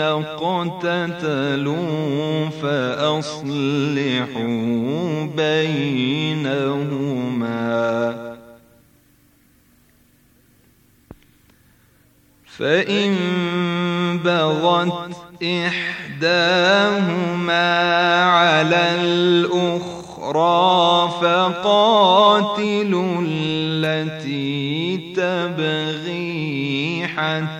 اقتتلوا فأصلحوا بينهما فإن بغت إحداهما على الأخرى فقاتلوا التي تبغي حتى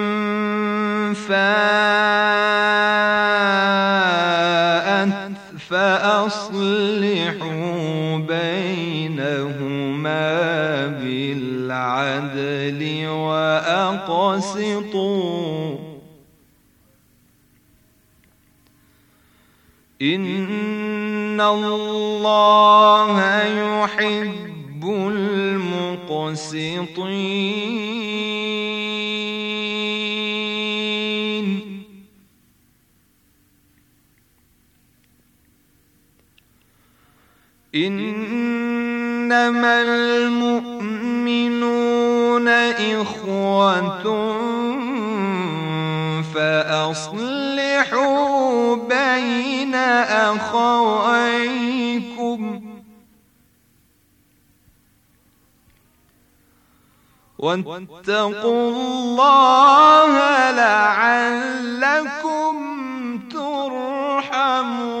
العدل وأقسطوا إن الله يحب المقسطين إنما الم فَأَصْلِحُوا بَيْنَ أَخَوَيْكُمْ وَاتَّقُوا اللَّهَ لَعَلَّكُمْ تُرْحَمُونَ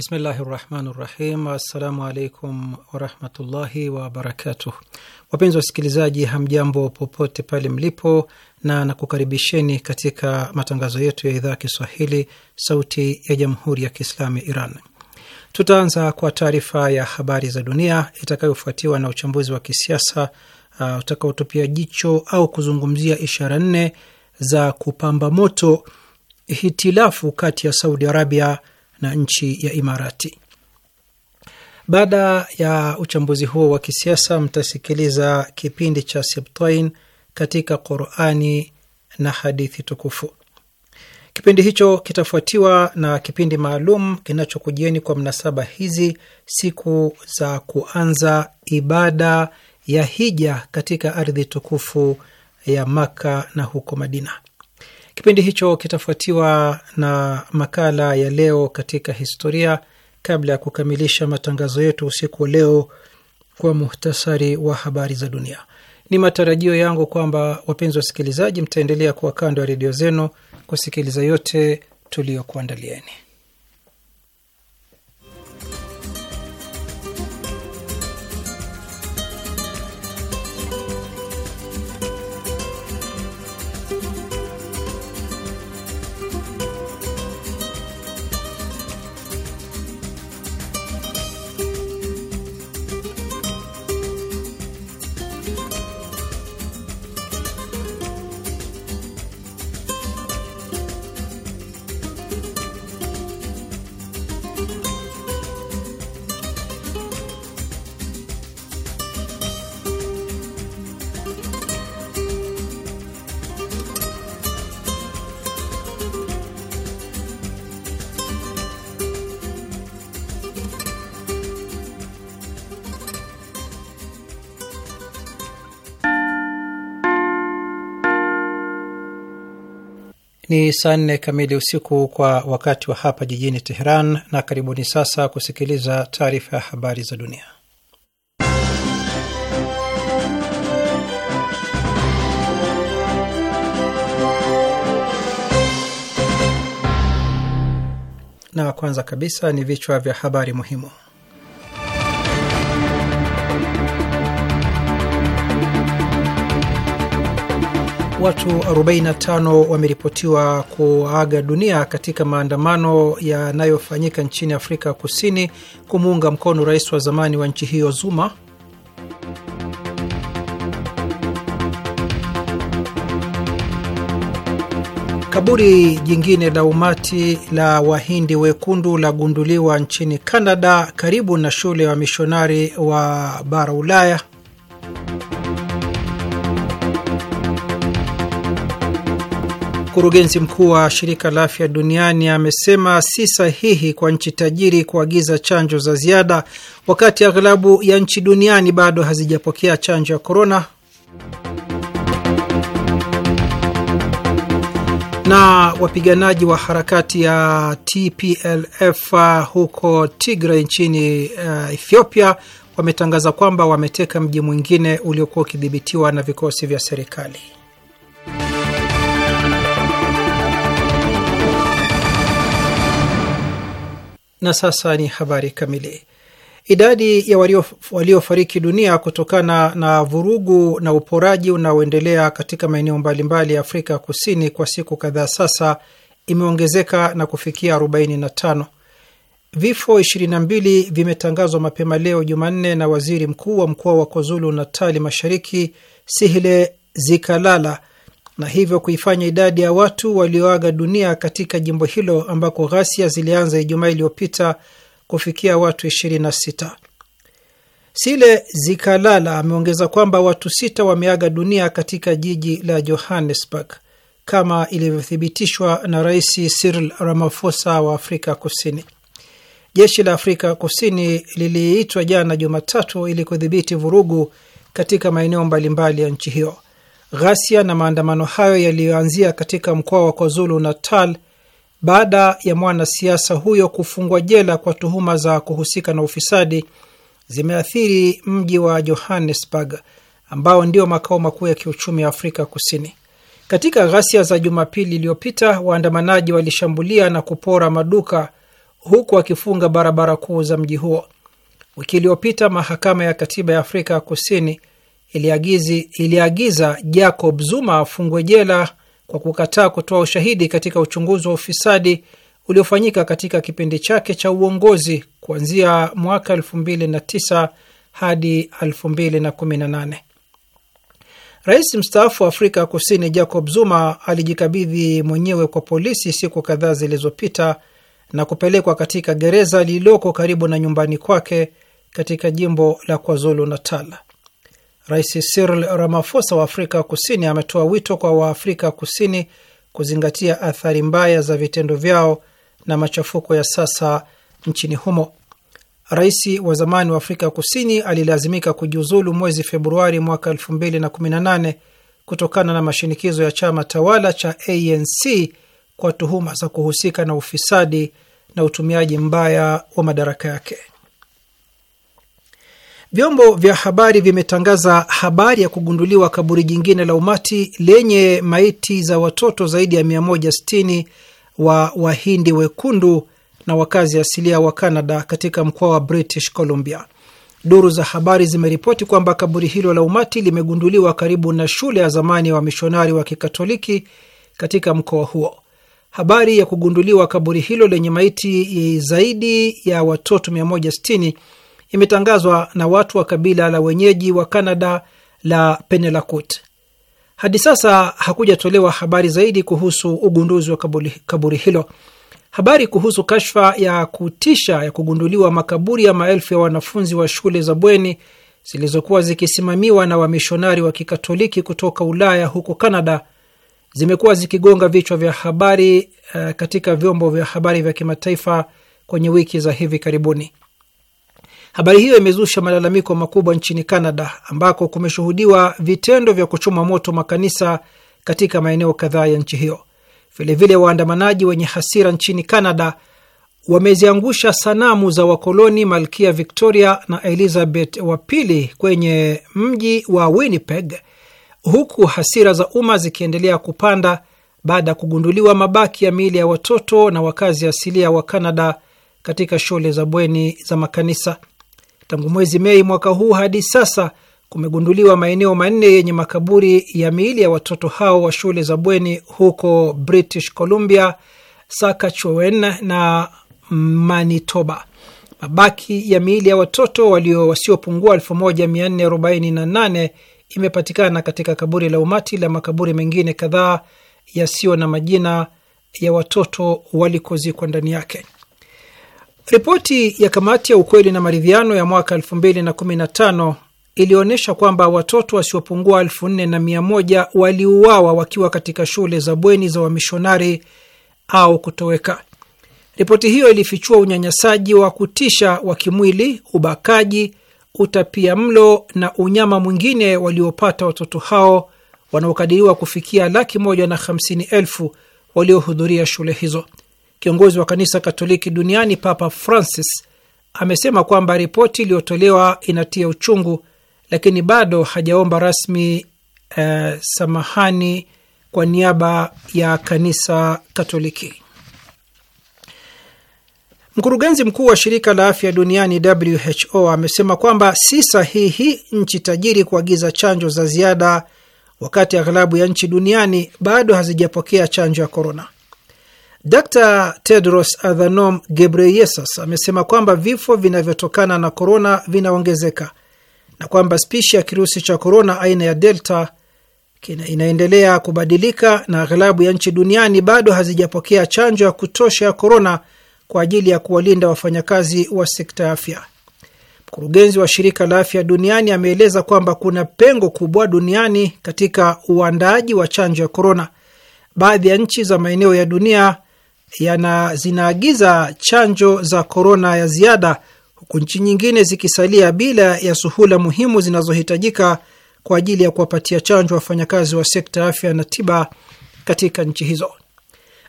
Bismillahi rahmani rahim. Assalamu alaikum warahmatullahi wabarakatuh. Wapenzi wasikilizaji, hamjambo popote pale mlipo, na nakukaribisheni katika matangazo yetu ya idhaa ya Kiswahili, Sauti ya Jamhuri ya Kiislamu ya Iran. Tutaanza kwa taarifa ya habari za dunia itakayofuatiwa na uchambuzi wa kisiasa uh, utakaotupia jicho au kuzungumzia ishara nne za kupamba moto hitilafu kati ya Saudi Arabia na nchi ya Imarati. Baada ya uchambuzi huo wa kisiasa, mtasikiliza kipindi cha Sibtain katika Qurani na hadithi tukufu. Kipindi hicho kitafuatiwa na kipindi maalum kinachokujieni kwa mnasaba hizi siku za kuanza ibada ya hija katika ardhi tukufu ya Maka na huko Madina. Kipindi hicho kitafuatiwa na makala ya leo katika historia, kabla ya kukamilisha matangazo yetu usiku wa leo kwa muhtasari wa habari za dunia. Ni matarajio yangu kwamba wapenzi wa wasikilizaji, mtaendelea kuwa kando ya redio zenu kusikiliza yote tuliyokuandalieni. Ni saa nne kamili usiku kwa wakati wa hapa jijini Teheran, na karibuni sasa kusikiliza taarifa ya habari za dunia. Na kwanza kabisa ni vichwa vya habari muhimu. Watu 45 wameripotiwa kuaga dunia katika maandamano yanayofanyika nchini Afrika Kusini kumuunga mkono rais wa zamani wa nchi hiyo Zuma. Kaburi jingine la umati la Wahindi wekundu la gunduliwa nchini Kanada karibu na shule ya wamishonari wa bara Ulaya. Mkurugenzi mkuu wa shirika la afya duniani amesema si sahihi kwa nchi tajiri kuagiza chanjo za ziada wakati aghlabu ya nchi duniani bado hazijapokea chanjo ya korona. Na wapiganaji wa harakati ya TPLF huko Tigray nchini uh, Ethiopia wametangaza kwamba wameteka mji mwingine uliokuwa ukidhibitiwa na vikosi vya serikali. Na sasa ni habari kamili. Idadi ya waliofariki walio dunia kutokana na vurugu na uporaji unaoendelea katika maeneo mbalimbali ya Afrika Kusini kwa siku kadhaa sasa imeongezeka na kufikia 45. Vifo 22 vimetangazwa mapema leo Jumanne na waziri mkuu wa mkoa wa KwaZulu Natali Mashariki, Sihle Zikalala, na hivyo kuifanya idadi ya watu walioaga dunia katika jimbo hilo ambako ghasia zilianza Ijumaa iliyopita kufikia watu 26. Sile Zikalala ameongeza kwamba watu sita wameaga dunia katika jiji la Johannesburg kama ilivyothibitishwa na Rais Cyril Ramaphosa wa Afrika Kusini. Jeshi la Afrika Kusini liliitwa jana Jumatatu ili kudhibiti vurugu katika maeneo mbalimbali ya nchi hiyo. Ghasia na maandamano hayo yaliyoanzia katika mkoa wa KwaZulu Natal baada ya mwanasiasa huyo kufungwa jela kwa tuhuma za kuhusika na ufisadi zimeathiri mji wa Johannesburg ambao ndio makao makuu ya kiuchumi ya Afrika Kusini. Katika ghasia za Jumapili iliyopita, waandamanaji walishambulia na kupora maduka huku wakifunga barabara kuu za mji huo. Wiki iliyopita, mahakama ya katiba ya Afrika Kusini iliagizi, iliagiza Jacob Zuma afungwe jela kwa kukataa kutoa ushahidi katika uchunguzi wa ufisadi uliofanyika katika kipindi chake cha uongozi kuanzia mwaka 2009 hadi 2018. Rais mstaafu wa Afrika Kusini Jacob Zuma alijikabidhi mwenyewe kwa polisi siku kadhaa zilizopita na kupelekwa katika gereza lililoko karibu na nyumbani kwake katika jimbo la KwaZulu Natal. Rais Cyril Ramaphosa wa Afrika Kusini ametoa wito kwa Waafrika Kusini kuzingatia athari mbaya za vitendo vyao na machafuko ya sasa nchini humo. Rais wa zamani wa Afrika Kusini alilazimika kujiuzulu mwezi Februari mwaka 2018 kutokana na mashinikizo ya chama tawala cha ANC kwa tuhuma za kuhusika na ufisadi na utumiaji mbaya wa madaraka yake. Vyombo vya habari vimetangaza habari ya kugunduliwa kaburi jingine la umati lenye maiti za watoto zaidi ya 160 wa Wahindi wekundu na wakazi asilia wa Canada katika mkoa wa British Columbia. Duru za habari zimeripoti kwamba kaburi hilo la umati limegunduliwa karibu na shule ya zamani ya wa wamishonari wa Kikatoliki katika mkoa huo. Habari ya kugunduliwa kaburi hilo lenye maiti zaidi ya watoto imetangazwa na watu wa kabila la wenyeji wa Kanada la Penelakut. Hadi sasa hakujatolewa habari zaidi kuhusu ugunduzi wa kaburi, kaburi hilo. Habari kuhusu kashfa ya kutisha ya kugunduliwa makaburi ya maelfu ya wanafunzi wa shule za bweni zilizokuwa zikisimamiwa na wamishonari wa Kikatoliki kutoka Ulaya huko Kanada zimekuwa zikigonga vichwa vya habari uh, katika vyombo vya habari vya kimataifa kwenye wiki za hivi karibuni. Habari hiyo imezusha malalamiko makubwa nchini Canada ambako kumeshuhudiwa vitendo vya kuchoma moto makanisa katika maeneo kadhaa ya nchi hiyo. Vilevile, waandamanaji wenye hasira nchini Canada wameziangusha sanamu za wakoloni Malkia Victoria na Elizabeth wa pili kwenye mji wa Winnipeg, huku hasira za umma zikiendelea kupanda baada ya kugunduliwa mabaki ya miili ya watoto na wakazi asilia wa canada katika shule za bweni za makanisa. Tangu mwezi Mei mwaka huu hadi sasa kumegunduliwa maeneo manne yenye makaburi ya miili ya watoto hao wa shule za bweni huko British Columbia, Saskatchewan na Manitoba. Mabaki ya miili ya watoto walio wasiopungua 1448 imepatikana katika kaburi la umati la makaburi mengine kadhaa yasiyo na majina ya watoto walikozikwa ndani yake. Ripoti ya kamati ya ukweli na maridhiano ya mwaka 2015 ilionyesha kwamba watoto wasiopungua elfu na waliuawa wakiwa katika shule za bweni za wamishonari au kutoweka. Ripoti hiyo ilifichua unyanyasaji wa kutisha wa kimwili, ubakaji, utapia mlo na unyama mwingine waliopata watoto hao wanaokadiriwa kufikia laki moja na hamsini elfu waliohudhuria shule hizo. Kiongozi wa kanisa Katoliki duniani Papa Francis amesema kwamba ripoti iliyotolewa inatia uchungu, lakini bado hajaomba rasmi eh, samahani kwa niaba ya kanisa Katoliki. Mkurugenzi mkuu wa shirika la afya duniani WHO amesema kwamba si sahihi nchi tajiri kuagiza chanjo za ziada wakati aghalabu ya nchi duniani bado hazijapokea chanjo ya korona. Dr Tedros Adhanom Ghebreyesus amesema kwamba vifo vinavyotokana na korona vinaongezeka na kwamba spishi ya kirusi cha korona aina ya delta kina inaendelea kubadilika na ghalabu ya nchi duniani bado hazijapokea chanjo ya kutosha ya korona kwa ajili ya kuwalinda wafanyakazi wa sekta ya afya. Mkurugenzi wa shirika la afya duniani ameeleza kwamba kuna pengo kubwa duniani katika uandaaji wa chanjo ya korona. Baadhi ya nchi za maeneo ya dunia yana zinaagiza chanjo za korona ya ziada huku nchi nyingine zikisalia bila ya suhula muhimu zinazohitajika kwa ajili ya kuwapatia chanjo wafanyakazi wa sekta afya na tiba katika nchi hizo.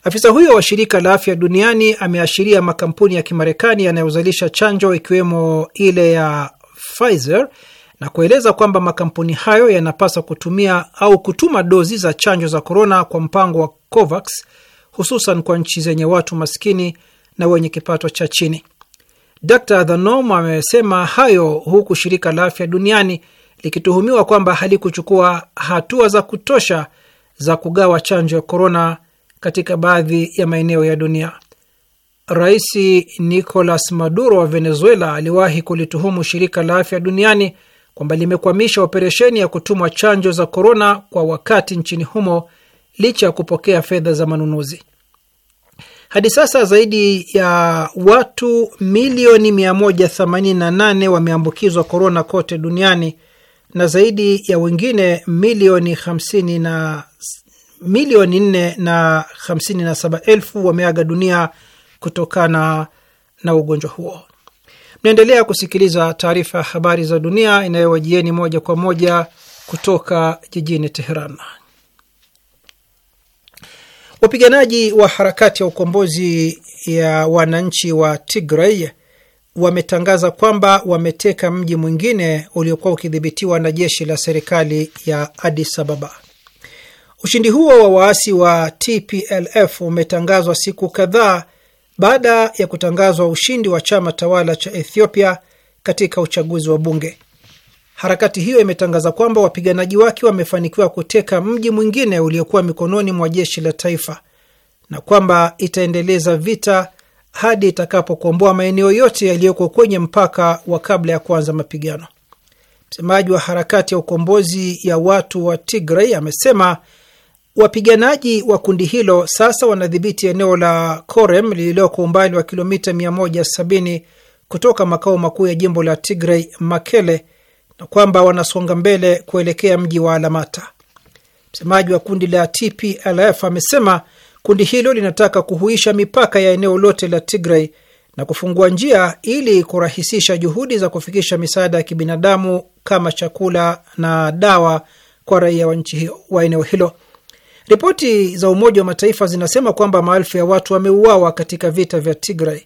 Afisa huyo wa shirika la afya duniani ameashiria makampuni ya Kimarekani yanayozalisha chanjo ikiwemo ile ya Pfizer na kueleza kwamba makampuni hayo yanapaswa kutumia au kutuma dozi za chanjo za korona kwa mpango wa COVAX hususan kwa nchi zenye watu maskini na wenye kipato cha chini. d Adhanom amesema hayo huku shirika la afya duniani likituhumiwa kwamba halikuchukua hatua za kutosha za kugawa chanjo ya korona katika baadhi ya maeneo ya dunia. Rais Nicolas Maduro wa Venezuela aliwahi kulituhumu shirika la afya duniani kwamba limekwamisha operesheni ya kutumwa chanjo za korona kwa wakati nchini humo licha ya kupokea fedha za manunuzi. Hadi sasa zaidi ya watu milioni 188 wameambukizwa korona kote duniani na zaidi ya wengine milioni 50 na milioni 4 na 57 elfu wameaga dunia kutokana na ugonjwa huo. Mnaendelea kusikiliza taarifa ya habari za dunia inayowajieni moja kwa moja kutoka jijini Teheran. Wapiganaji wa harakati ya ukombozi ya wananchi wa Tigray wametangaza kwamba wameteka mji mwingine uliokuwa ukidhibitiwa na jeshi la serikali ya Addis Ababa. Ushindi huo wa waasi wa TPLF umetangazwa siku kadhaa baada ya kutangazwa ushindi wa chama tawala cha Ethiopia katika uchaguzi wa bunge. Harakati hiyo imetangaza kwamba wapiganaji wake wamefanikiwa kuteka mji mwingine uliokuwa mikononi mwa jeshi la taifa na kwamba itaendeleza vita hadi itakapokomboa maeneo yote yaliyoko kwenye mpaka wa kabla ya kuanza mapigano. Msemaji wa harakati ya ukombozi ya watu wa Tigray amesema wapiganaji wa kundi hilo sasa wanadhibiti eneo la Korem lililoko umbali wa kilomita 170 kutoka makao makuu ya jimbo la Tigray Makele na kwamba wanasonga mbele kuelekea mji wa Alamata. Msemaji wa kundi la TPLF amesema kundi hilo linataka kuhuisha mipaka ya eneo lote la Tigray na kufungua njia ili kurahisisha juhudi za kufikisha misaada ya kibinadamu kama chakula na dawa kwa raia wa nchi wa eneo hilo. Ripoti za Umoja wa Mataifa zinasema kwamba maelfu ya watu wameuawa katika vita vya Tigray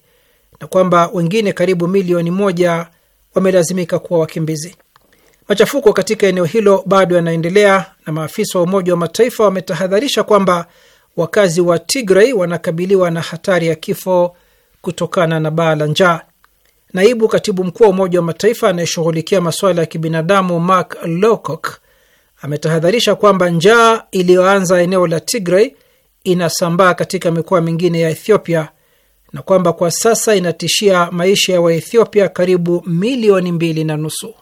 na kwamba wengine karibu milioni moja wamelazimika kuwa wakimbizi. Machafuko katika eneo hilo bado yanaendelea na maafisa wa Umoja wa Mataifa wametahadharisha kwamba wakazi wa Tigray wanakabiliwa na hatari ya kifo kutokana na baa la njaa. Naibu katibu mkuu wa Umoja wa Mataifa anayeshughulikia masuala ya kibinadamu Mark Lowcock ametahadharisha kwamba njaa iliyoanza eneo la Tigray inasambaa katika mikoa mingine ya Ethiopia na kwamba kwa sasa inatishia maisha ya Waethiopia karibu milioni mbili na nusu.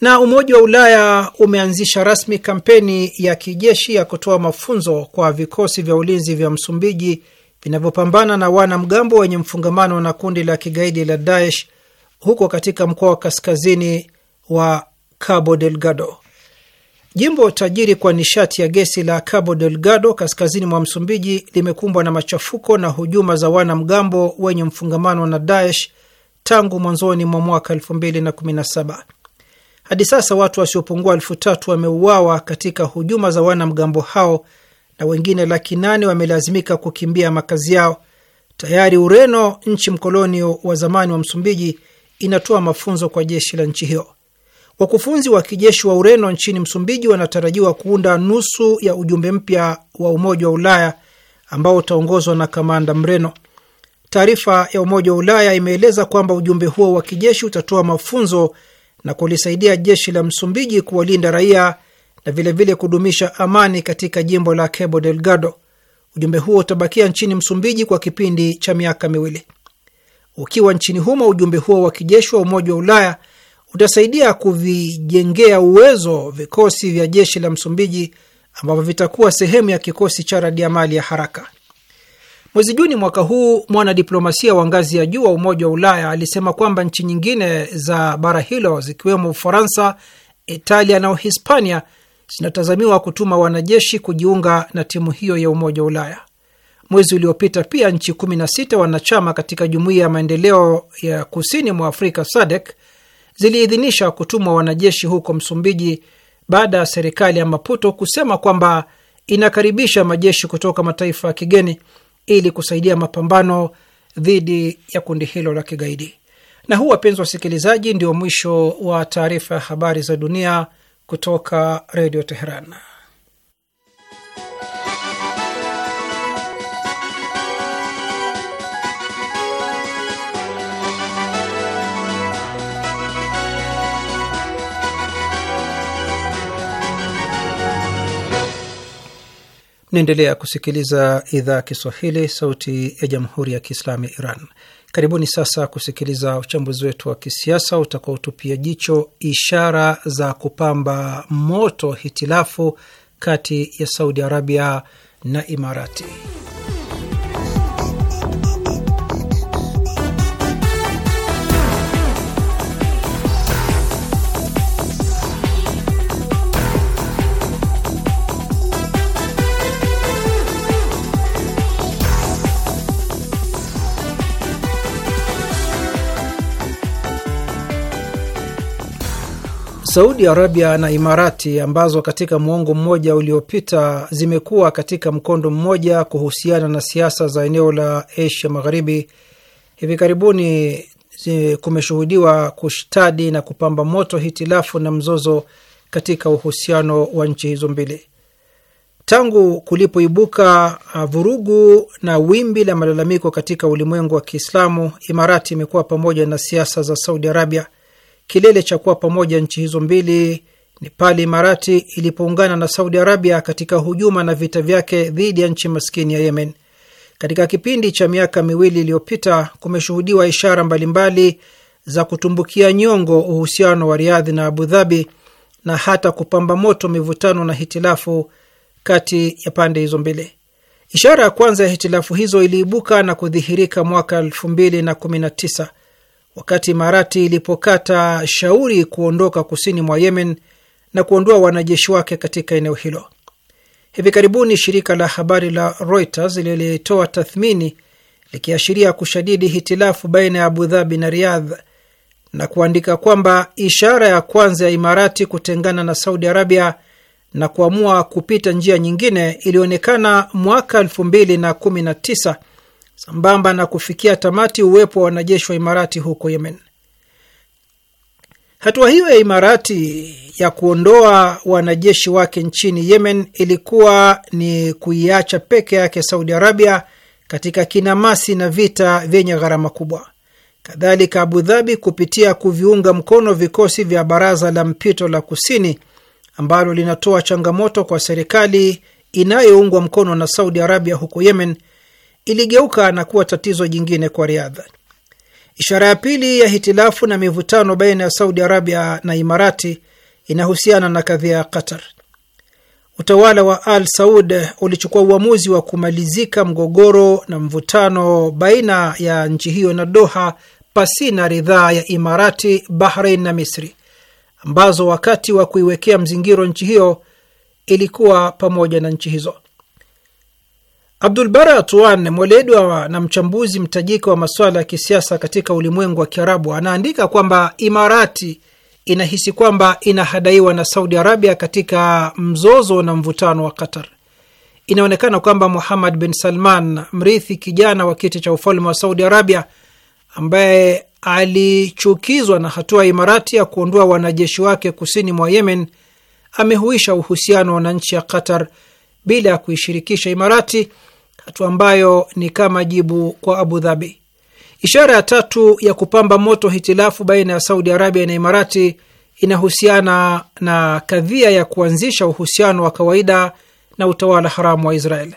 Na Umoja wa Ulaya umeanzisha rasmi kampeni ya kijeshi ya kutoa mafunzo kwa vikosi vya ulinzi vya Msumbiji vinavyopambana na wanamgambo wenye mfungamano na kundi la kigaidi la Daesh huko katika mkoa wa kaskazini wa Cabo Delgado. Jimbo tajiri kwa nishati ya gesi la Cabo Delgado kaskazini mwa Msumbiji limekumbwa na machafuko na hujuma za wanamgambo wenye mfungamano na Daesh tangu mwanzoni mwa mwaka 217 hadi sasa watu wasiopungua elfu tatu wameuawa katika hujuma za wanamgambo hao na wengine laki nane wamelazimika kukimbia makazi yao. Tayari Ureno, nchi mkoloni wa zamani wa Msumbiji, inatoa mafunzo kwa jeshi la nchi hiyo. Wakufunzi wa kijeshi wa Ureno nchini Msumbiji wanatarajiwa kuunda nusu ya ujumbe mpya wa Umoja wa Ulaya ambao utaongozwa na kamanda Mreno. Taarifa ya Umoja wa Ulaya imeeleza kwamba ujumbe huo wa kijeshi utatoa mafunzo na kulisaidia jeshi la Msumbiji kuwalinda raia na vilevile vile kudumisha amani katika jimbo la Cabo Delgado. Ujumbe huo utabakia nchini Msumbiji kwa kipindi cha miaka miwili. Ukiwa nchini humo, ujumbe huo wa kijeshi wa Umoja wa Ulaya utasaidia kuvijengea uwezo vikosi vya jeshi la Msumbiji ambavyo vitakuwa sehemu ya kikosi cha radiamali ya haraka. Mwezi Juni mwaka huu mwanadiplomasia wa ngazi ya juu wa Umoja wa Ulaya alisema kwamba nchi nyingine za bara hilo zikiwemo Ufaransa, Italia na Uhispania zinatazamiwa kutuma wanajeshi kujiunga na timu hiyo ya Umoja wa Ulaya. Mwezi uliopita pia nchi 16 wanachama katika Jumuiya ya Maendeleo ya Kusini mwa Afrika SADC ziliidhinisha kutumwa wanajeshi huko Msumbiji baada ya serikali ya Maputo kusema kwamba inakaribisha majeshi kutoka mataifa ya kigeni ili kusaidia mapambano dhidi ya kundi hilo la kigaidi. Na huu, wapenzi wasikilizaji, ndio mwisho wa taarifa ya habari za dunia kutoka Redio Teheran. Mnaendelea kusikiliza idhaa ya Kiswahili, sauti ya jamhuri ya kiislamu ya Iran. Karibuni sasa kusikiliza uchambuzi wetu wa kisiasa utakuwa utupia jicho ishara za kupamba moto hitilafu kati ya Saudi Arabia na Imarati. Saudi Arabia na Imarati ambazo katika muongo mmoja uliopita zimekuwa katika mkondo mmoja kuhusiana na siasa za eneo la Asia Magharibi, hivi karibuni kumeshuhudiwa kushtadi na kupamba moto hitilafu na mzozo katika uhusiano wa nchi hizo mbili tangu kulipoibuka uh, vurugu na wimbi la malalamiko katika ulimwengu wa Kiislamu. Imarati imekuwa pamoja na siasa za Saudi Arabia Kilele cha kuwa pamoja nchi hizo mbili ni pale Imarati ilipoungana na Saudi Arabia katika hujuma na vita vyake dhidi ya nchi maskini ya Yemen. Katika kipindi cha miaka miwili iliyopita, kumeshuhudiwa ishara mbalimbali za kutumbukia nyongo uhusiano wa Riadhi na Abu Dhabi na hata kupamba moto mivutano na hitilafu kati ya pande hizo mbili. Ishara ya kwanza ya hitilafu hizo iliibuka na kudhihirika mwaka 2019 wakati Imarati ilipokata shauri kuondoka kusini mwa Yemen na kuondoa wanajeshi wake katika eneo hilo. Hivi karibuni shirika la habari la Reuters lilitoa tathmini likiashiria kushadidi hitilafu baina ya Abu Dhabi na Riyadh na kuandika kwamba ishara ya kwanza ya Imarati kutengana na Saudi Arabia na kuamua kupita njia nyingine ilionekana mwaka 2019 sambamba na kufikia tamati uwepo wa wanajeshi wa Imarati huko Yemen. Hatua hiyo ya Imarati ya kuondoa wanajeshi wake nchini Yemen ilikuwa ni kuiacha peke yake Saudi Arabia katika kinamasi na vita vyenye gharama kubwa. Kadhalika, Abu Dhabi kupitia kuviunga mkono vikosi vya Baraza la Mpito la Kusini ambalo linatoa changamoto kwa serikali inayoungwa mkono na Saudi Arabia huko Yemen iligeuka na kuwa tatizo jingine kwa Riadha. Ishara ya pili ya hitilafu na mivutano baina ya Saudi Arabia na Imarati inahusiana na kadhia ya Qatar. Utawala wa Al Saud ulichukua uamuzi wa kumalizika mgogoro na mvutano baina ya nchi hiyo na Doha pasina ridhaa ya Imarati, Bahrain na Misri ambazo wakati wa kuiwekea mzingiro nchi hiyo ilikuwa pamoja na nchi hizo. Bara Atuan, mweledwa na mchambuzi mtajika wa masuala ya kisiasa katika ulimwengu wa Kiarabu, anaandika kwamba Imarati inahisi kwamba inahadaiwa na Saudi Arabia katika mzozo na mvutano wa Qatar. Inaonekana kwamba Muhammad bin Salman, mrithi kijana wa kiti cha ufalme wa Saudi Arabia, ambaye alichukizwa na hatua ya Imarati ya kuondoa wanajeshi wake kusini mwa Yemen, amehuisha uhusiano na nchi ya Qatar bila ya kuishirikisha Imarati hatua ambayo ni kama jibu kwa Abu Dhabi. Ishara ya tatu ya kupamba moto hitilafu baina ya Saudi Arabia na Imarati inahusiana na kadhia ya kuanzisha uhusiano wa kawaida na utawala haramu wa Israeli.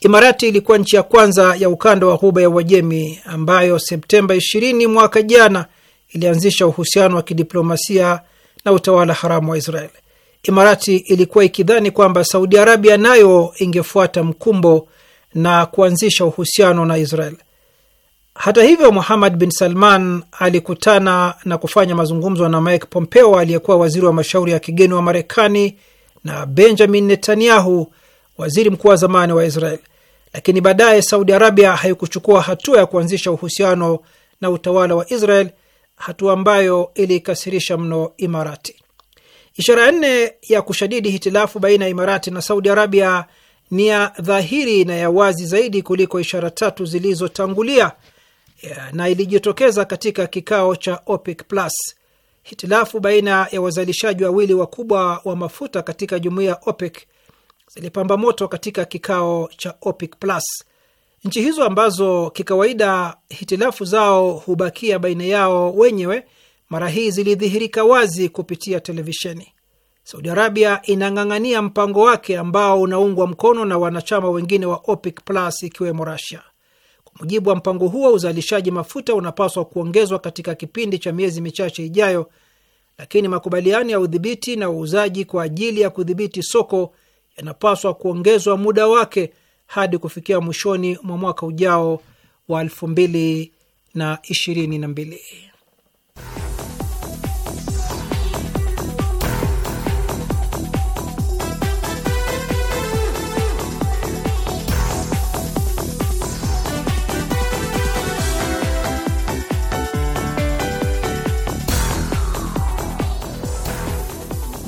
Imarati ilikuwa nchi ya kwanza ya ukanda wa Ghuba ya Uajemi ambayo Septemba 20 mwaka jana ilianzisha uhusiano wa kidiplomasia na utawala haramu wa Israeli. Imarati ilikuwa ikidhani kwamba Saudi Arabia nayo ingefuata mkumbo na kuanzisha uhusiano na Israel. Hata hivyo, Muhammad bin Salman alikutana na kufanya mazungumzo na Mike Pompeo aliyekuwa waziri wa mashauri ya kigeni wa Marekani na Benjamin Netanyahu, waziri mkuu wa zamani wa Israel, lakini baadaye Saudi Arabia haikuchukua hatua ya kuanzisha uhusiano na utawala wa Israel, hatua ambayo iliikasirisha mno Imarati. Ishara ya nne ya kushadidi hitilafu baina ya Imarati na Saudi Arabia ni ya dhahiri na ya wazi zaidi kuliko ishara tatu zilizotangulia na ilijitokeza katika kikao cha OPEC Plus. Hitilafu baina ya wazalishaji wawili wakubwa wa mafuta katika jumuiya ya OPEC zilipamba moto katika kikao cha OPEC Plus. Nchi hizo ambazo kikawaida hitilafu zao hubakia baina yao wenyewe mara hii zilidhihirika wazi kupitia televisheni. Saudi Arabia inang'ang'ania mpango wake ambao unaungwa mkono na wanachama wengine wa OPEC Plus ikiwemo Russia. Kwa mujibu wa mpango huo, uzalishaji mafuta unapaswa kuongezwa katika kipindi cha miezi michache ijayo, lakini makubaliano ya udhibiti na uuzaji kwa ajili ya kudhibiti soko yanapaswa kuongezwa muda wake hadi kufikia mwishoni mwa mwaka ujao wa 222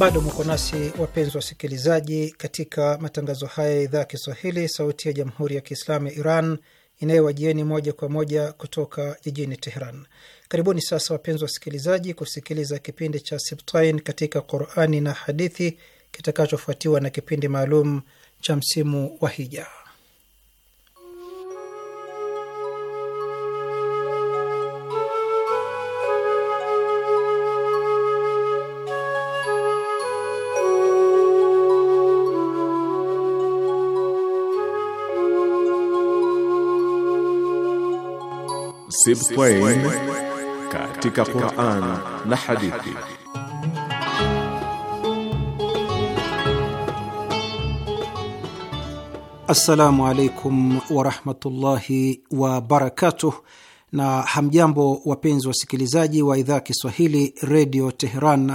Bado mko nasi wapenzi wasikilizaji, katika matangazo haya ya idhaa ya Kiswahili, sauti ya jamhuri ya kiislamu ya Iran inayowajieni moja kwa moja kutoka jijini Teheran. Karibuni sasa wapenzi wasikilizaji, kusikiliza kipindi cha Sibtain katika Qurani na hadithi kitakachofuatiwa na kipindi maalum cha msimu wa hija. Sibtain katika Qur'an na hadithi. Assalamu alaikum warahmatullahi wabarakatuh, na hamjambo wapenzi wasikilizaji wa idhaa Kiswahili redio Teheran.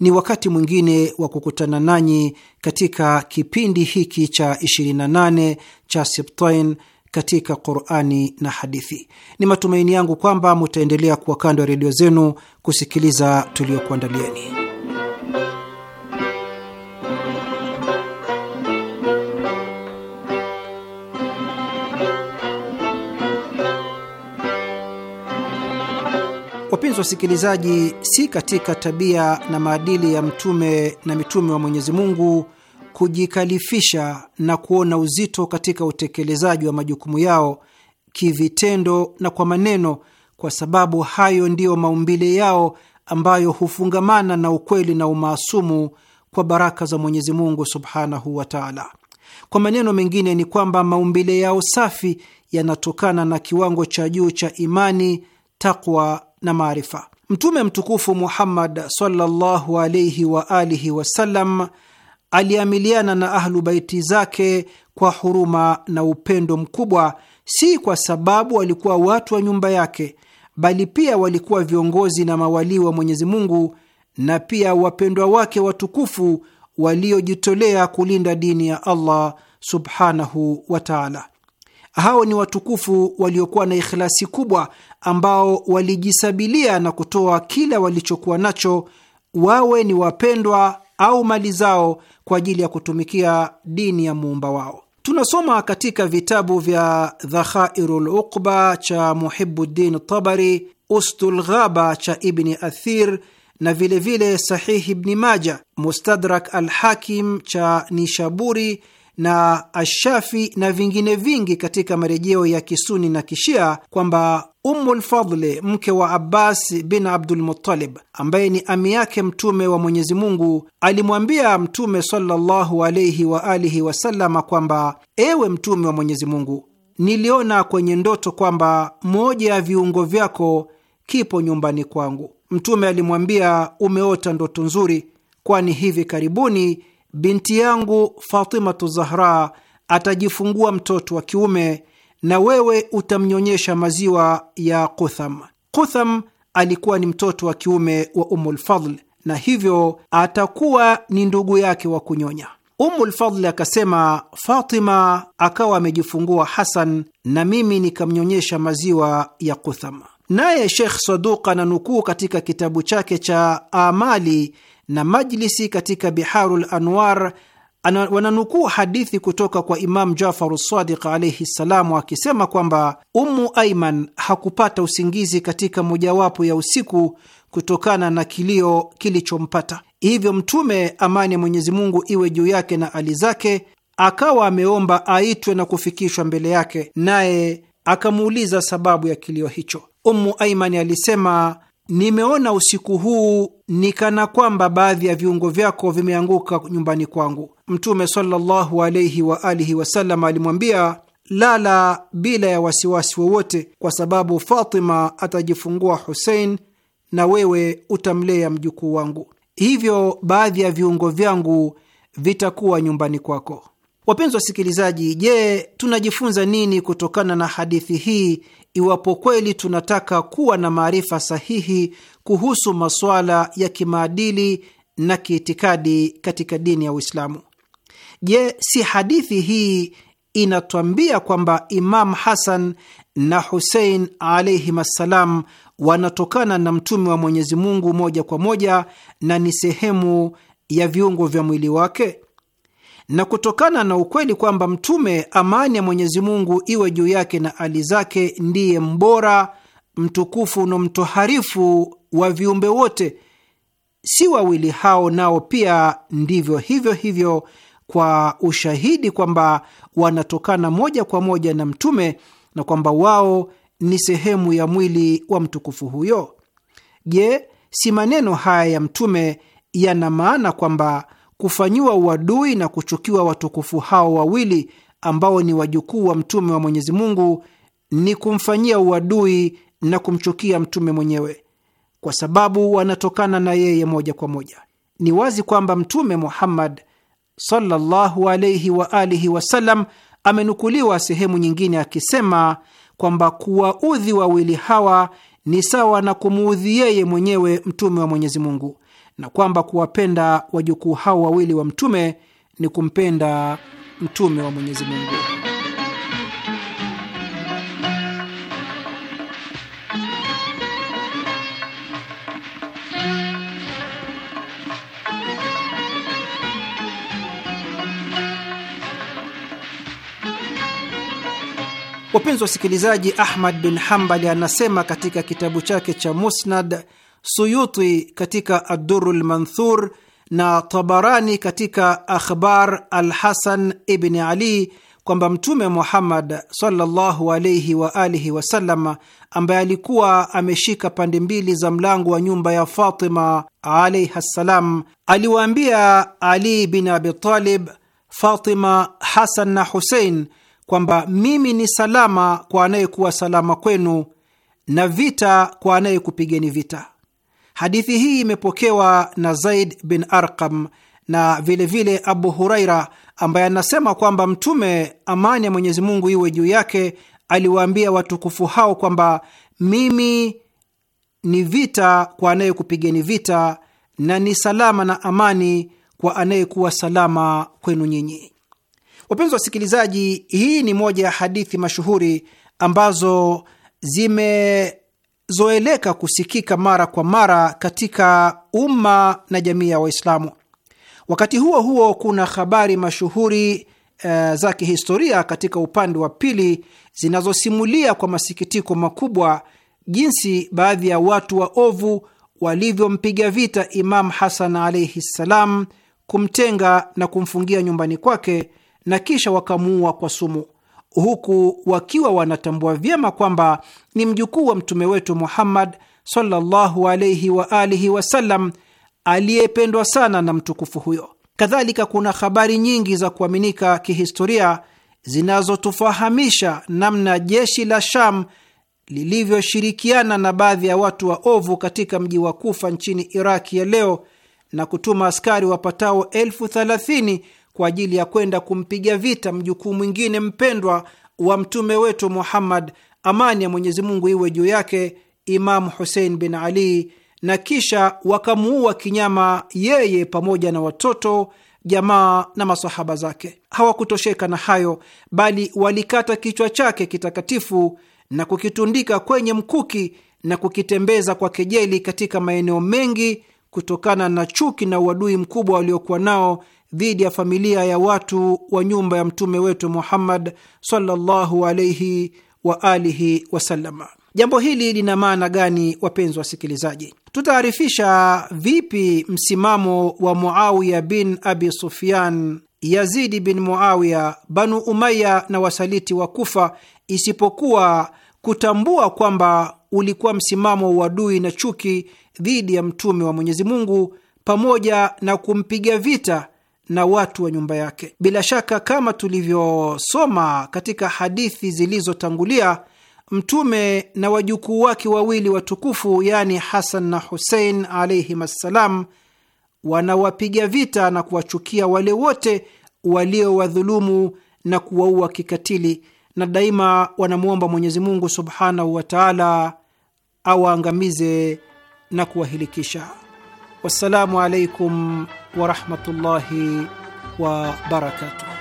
Ni wakati mwingine wa kukutana nanyi katika kipindi hiki cha 28 cha Sibtain katika Qurani na hadithi. Ni matumaini yangu kwamba mutaendelea kuwa kando ya redio zenu kusikiliza tuliokuandalieni. Wapenzi wasikilizaji, si katika tabia na maadili ya mtume na mitume wa Mwenyezi Mungu kujikalifisha na kuona uzito katika utekelezaji wa majukumu yao kivitendo na kwa maneno, kwa sababu hayo ndiyo maumbile yao ambayo hufungamana na ukweli na umaasumu kwa baraka za Mwenyezi Mungu subhanahu wa taala. Kwa maneno mengine ni kwamba maumbile yao safi yanatokana na kiwango cha juu cha imani, takwa na maarifa. Mtume mtukufu Muhammad sallallahu alaihi wa alihi wasallam aliamiliana na Ahlu Baiti zake kwa huruma na upendo mkubwa, si kwa sababu walikuwa watu wa nyumba yake, bali pia walikuwa viongozi na mawalii wa Mwenyezi Mungu na pia wapendwa wake watukufu waliojitolea kulinda dini ya Allah subhanahu wa taala. Hao ni watukufu waliokuwa na ikhlasi kubwa, ambao walijisabilia na kutoa kila walichokuwa nacho, wawe ni wapendwa au mali zao kwa ajili ya kutumikia dini ya muumba wao. Tunasoma katika vitabu vya Dhakhairu Luqba cha Muhibuddin Tabari, Ustulghaba cha Ibni Athir na vilevile vile Sahih Ibni Maja, Mustadrak Alhakim cha Nishaburi na Ashafi na vingine vingi katika marejeo ya Kisuni na Kishia kwamba Ummulfadli mke wa Abbas bin Abdulmuttalib, ambaye ni ami yake Mtume wa Mwenyezi Mungu, alimwambia Mtume sallallahu alaihi wa alihi wasallama kwamba ewe Mtume wa Mwenyezi Mungu, niliona kwenye ndoto kwamba moja ya viungo vyako kipo nyumbani kwangu. Mtume alimwambia, umeota ndoto nzuri, kwani hivi karibuni binti yangu Fatimatu Zahra atajifungua mtoto wa kiume na wewe utamnyonyesha maziwa ya Qutham. Qutham alikuwa ni mtoto wa kiume wa Umulfadl na hivyo atakuwa ni ndugu yake wa kunyonya. Umulfadli akasema, Fatima akawa amejifungua Hasan na mimi nikamnyonyesha maziwa ya Qutham. Naye shekh Saduq ananukuu katika kitabu chake cha Amali na Majlisi katika Biharul Anwar ana, wananukuu hadithi kutoka kwa Imamu Jafaru Sadiq alaihi ssalamu akisema kwamba Ummu Aiman hakupata usingizi katika mojawapo ya usiku kutokana na kilio kilichompata. Hivyo Mtume, amani ya Mwenyezi Mungu iwe juu yake na ali zake, akawa ameomba aitwe na kufikishwa mbele yake, naye akamuuliza sababu ya kilio hicho. Umu Aiman alisema nimeona usiku huu ni kana kwamba baadhi ya viungo vyako vimeanguka nyumbani kwangu. Mtume sallallahu alaihi wa alihi wasallam alimwambia, lala bila ya wasiwasi wowote, kwa sababu Fatima atajifungua Husein na wewe utamlea mjukuu wangu, hivyo baadhi ya viungo vyangu vitakuwa nyumbani kwako. Wapenzi wasikilizaji, je, tunajifunza nini kutokana na hadithi hii iwapo kweli tunataka kuwa na maarifa sahihi kuhusu masuala ya kimaadili na kiitikadi katika dini ya Uislamu. Je, si hadithi hii inatwambia kwamba Imam Hasan na Husein alaihim assalam wanatokana na mtume wa Mwenyezi Mungu moja kwa moja na ni sehemu ya viungo vya mwili wake? na kutokana na ukweli kwamba Mtume, amani ya Mwenyezi Mungu iwe juu yake na ali zake, ndiye mbora mtukufu na mtoharifu wa viumbe wote, si wawili hao nao pia ndivyo hivyo hivyo, kwa ushahidi kwamba wanatokana moja kwa moja na Mtume na kwamba wao ni sehemu ya mwili wa mtukufu huyo. Je, si maneno haya ya Mtume yana maana kwamba kufanyiwa uadui na kuchukiwa watukufu hao wawili ambao ni wajukuu wa mtume wa Mwenyezi Mungu ni kumfanyia uadui na kumchukia mtume mwenyewe, kwa sababu wanatokana na yeye moja kwa moja. Ni wazi kwamba Mtume Muhammad sallallahu alayhi wa alihi wasallam amenukuliwa sehemu nyingine akisema kwamba kuwaudhi wawili hawa ni sawa na kumuudhi yeye mwenyewe mtume wa Mwenyezi Mungu na kwamba kuwapenda wajukuu hao wawili wa mtume ni kumpenda mtume wa Mwenyezi Mungu. Wapenzi wasikilizaji, Ahmad bin Hambali anasema katika kitabu chake cha Musnad Suyuti katika Adduru Lmanthur na Tabarani katika Akhbar Alhasan Ibni Ali kwamba Mtume Muhammad sallallahu alaihi wa alihi wasallam, ambaye alikuwa ameshika pande mbili za mlango wa nyumba ya Fatima alaihi ssalam, aliwaambia Ali bin Abitalib, Fatima, Hasan na Husein kwamba mimi ni salama kwa anayekuwa salama kwenu na vita kwa anayekupigeni vita. Hadithi hii imepokewa na Zaid bin Arqam na vilevile vile Abu Huraira ambaye anasema kwamba Mtume, amani ya Mwenyezi Mungu iwe juu yake, aliwaambia watukufu hao kwamba mimi ni vita kwa anayekupigeni vita na ni salama na amani kwa anayekuwa salama kwenu nyinyi. Wapenzi wasikilizaji, hii ni moja ya hadithi mashuhuri ambazo zime zoeleka kusikika mara kwa mara katika umma na jamii ya Waislamu. Wakati huo huo, kuna habari mashuhuri uh, za kihistoria katika upande wa pili zinazosimulia kwa masikitiko makubwa jinsi baadhi ya watu wa ovu walivyompiga vita Imam Hasan alaihi ssalam, kumtenga na kumfungia nyumbani kwake na kisha wakamuua kwa sumu huku wakiwa wanatambua vyema kwamba ni mjukuu wa mtume wetu Muhammad sallallahu wa alihi wasallam aliyependwa sana na mtukufu huyo. Kadhalika, kuna habari nyingi za kuaminika kihistoria zinazotufahamisha namna jeshi la Sham lilivyoshirikiana na baadhi ya watu wa ovu katika mji wa Kufa nchini Iraki ya leo na kutuma askari wapatao elfu thelathini kwa ajili ya kwenda kumpiga vita mjukuu mwingine mpendwa wa mtume wetu Muhammad, amani ya Mwenyezi Mungu iwe juu yake, Imamu Husein bin Ali, na kisha wakamuua kinyama yeye pamoja na watoto, jamaa na masahaba zake. Hawakutosheka na hayo, bali walikata kichwa chake kitakatifu na kukitundika kwenye mkuki na kukitembeza kwa kejeli katika maeneo mengi kutokana na chuki na uadui mkubwa waliokuwa nao dhidi ya familia ya watu wa nyumba ya mtume wetu Muhammad sallallahu alaihi wa alihi wasalama. Jambo hili lina maana gani, wapenzi wasikilizaji? Tutaarifisha vipi msimamo wa Muawiya bin Abi Sufyan, Yazidi bin Muawiya, Banu Umaya na wasaliti wa Kufa, isipokuwa kutambua kwamba ulikuwa msimamo wa dui na chuki dhidi ya mtume wa Mwenyezi Mungu pamoja na kumpiga vita na watu wa nyumba yake. Bila shaka, kama tulivyosoma katika hadithi zilizotangulia, Mtume na wajukuu wake wawili watukufu, yaani Hasan na Husein alaihim assalam, wanawapiga vita na kuwachukia wale wote waliowadhulumu na kuwaua kikatili, na daima wanamwomba Mwenyezi Mungu subhanahu wataala awaangamize na kuwahilikisha. Wassalamu alaikum ورحمه الله وبركاته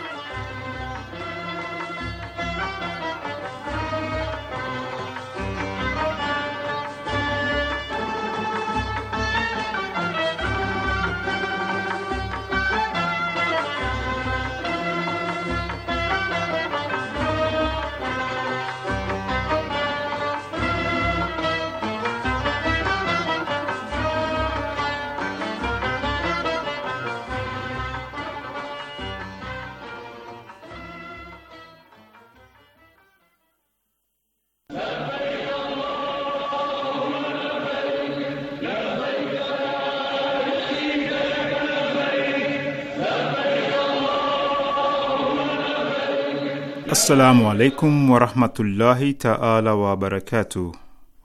Assalamu alaikum warahmatullahi taala wabarakatu.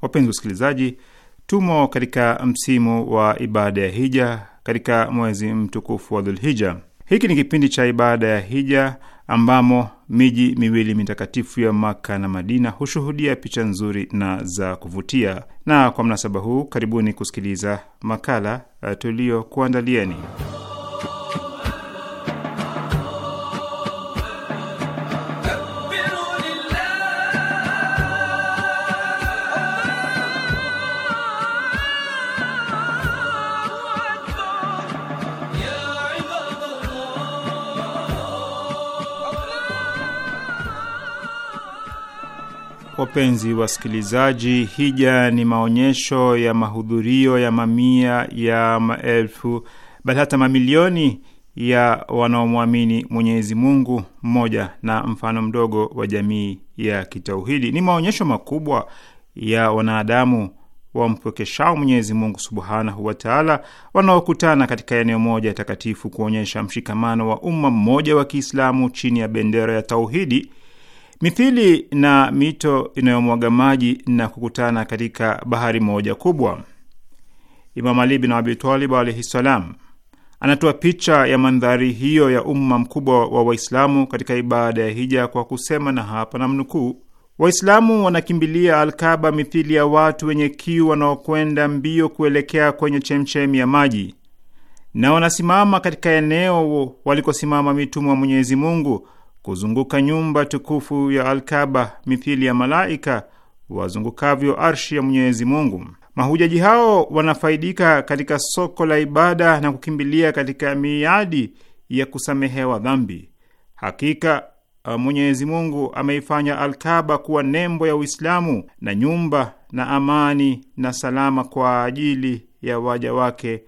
Wapenzi wasikilizaji, tumo katika msimu wa ibada ya hija katika mwezi mtukufu wa Dhulhija. Hiki ni kipindi cha ibada ya hija ambamo miji miwili mitakatifu ya Maka na Madina hushuhudia picha nzuri na za kuvutia. Na kwa mnasaba huu, karibuni kusikiliza makala eh, tuliyokuandalieni. Wapenzi wasikilizaji, hija ni maonyesho ya mahudhurio ya mamia ya maelfu, bali hata mamilioni ya wanaomwamini Mwenyezi Mungu mmoja na mfano mdogo wa jamii ya kitauhidi. Ni maonyesho makubwa ya wanadamu wampokeshao Mwenyezi Mungu subhanahu wa taala, wanaokutana katika eneo moja takatifu kuonyesha mshikamano wa umma mmoja wa Kiislamu chini ya bendera ya tauhidi mithili na mito inayomwaga maji na kukutana katika bahari moja kubwa. Imam Ali bin Abi Talib alaihi ssalam anatoa picha ya mandhari hiyo ya umma mkubwa wa Waislamu katika ibada ya hija kwa kusema, na hapa na mnukuu Waislamu wanakimbilia Alkaba mithili ya watu wenye kiu wanaokwenda mbio kuelekea kwenye chemchemi ya maji, na wanasimama katika eneo walikosimama mitume wa Mwenyezi Mungu kuzunguka nyumba tukufu ya Alkaba mithili ya malaika wazungukavyo arshi ya Mwenyezi Mungu. Mahujaji hao wanafaidika katika soko la ibada na kukimbilia katika miadi ya kusamehewa dhambi. Hakika uh, Mwenyezi Mungu ameifanya Alkaba kuwa nembo ya Uislamu na nyumba na amani na salama kwa ajili ya waja wake